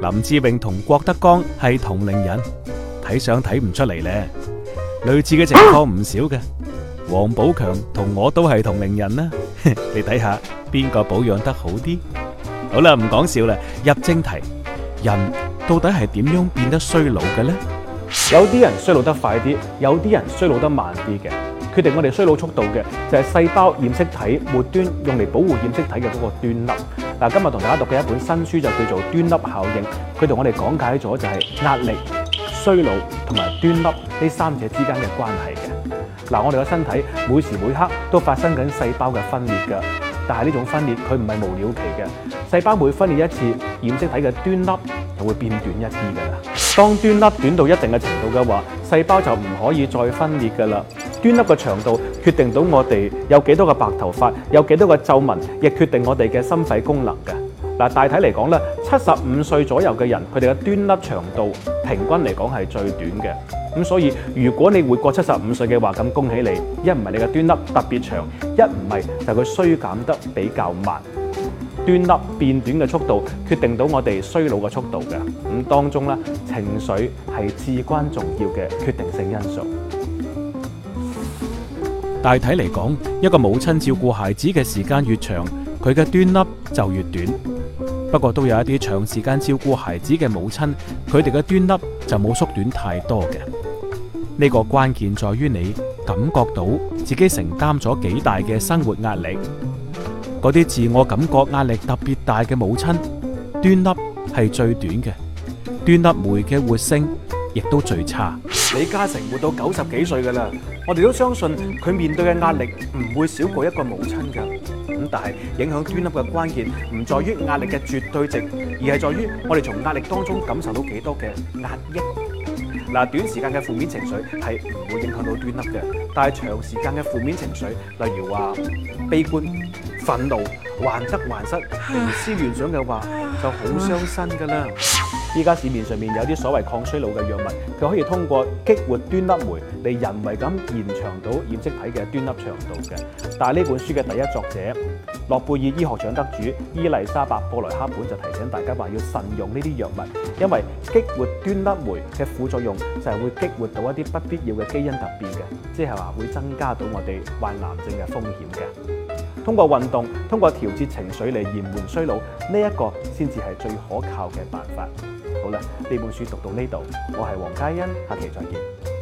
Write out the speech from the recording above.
林志穎同郭德綱係同齡人，睇相睇唔出嚟咧。類似嘅情況唔少嘅，王寶強同我都係同齡人啦、啊。你睇下邊個保養得好啲？好啦，唔講笑啦，入正題，人到底係點樣變得衰老嘅呢？有啲人衰老得快啲，有啲人衰老得慢啲嘅。決定我哋衰老速度嘅就係細胞染色體末端用嚟保護染色體嘅嗰個端粒。嗱，今日同大家讀嘅一本新書就叫做《端粒效應》，佢同我哋講解咗就係壓力、衰老同埋端粒呢三者之間嘅關係嘅。嗱，我哋嘅身體每時每刻都發生緊細胞嘅分裂㗎，但係呢種分裂佢唔係無了期嘅，細胞每分裂一次，染色體嘅端粒就會變短一啲㗎喇。當端粒短到一定嘅程度嘅話，細胞就唔可以再分裂噶啦。端粒嘅長度決定到我哋有幾多個白頭髮，有幾多個皺紋，亦決定我哋嘅心肺功能嘅。嗱，大體嚟講咧，七十五歲左右嘅人，佢哋嘅端粒長度平均嚟講係最短嘅。咁所以，如果你活過七十五歲嘅話，咁恭喜你，一唔係你嘅端粒特別長，一唔係就佢衰減得比較慢。端粒變短嘅速度，決定到我哋衰老嘅速度嘅。咁當中咧，情緒係至關重要嘅決定性因素。大體嚟講，一個母親照顧孩子嘅時間越長，佢嘅端粒就越短。不過都有一啲長時間照顧孩子嘅母親，佢哋嘅端粒就冇縮短太多嘅。呢個關鍵在於你感覺到自己承擔咗幾大嘅生活壓力。嗰啲自我感覺壓力特別大嘅母親，端粒係最短嘅，端粒酶嘅活性亦都最差。李嘉誠活到九十幾歲㗎喇，我哋都相信佢面對嘅壓力唔會少過一個母親㗎。咁但係影響端粒嘅關鍵唔在於壓力嘅絕對值，而係在於我哋從壓力當中感受到幾多嘅壓抑。嗱，短時間嘅負面情緒係唔會影響到端粒嘅，但係長時間嘅負面情緒，例如話悲觀、憤怒、患得患失、胡思亂想嘅話，就好傷身㗎啦。依家市面上面有啲所謂抗衰老嘅藥物，佢可以通過激活端粒酶嚟，令人為咁延長到染色體嘅端粒長度嘅。但係呢本書嘅第一作者，諾貝爾醫學獎得主伊麗莎白布萊克本就提醒大家話，要慎用呢啲藥物，因為激活端粒酶嘅副作用就係會激活到一啲不必要嘅基因突變嘅，即係話會增加到我哋患癌症嘅風險嘅。通過運動，通過調節情緒嚟延緩衰老，呢一個先至係最可靠嘅辦法。好啦，呢本書讀到呢度，我係黃嘉欣，下期再見。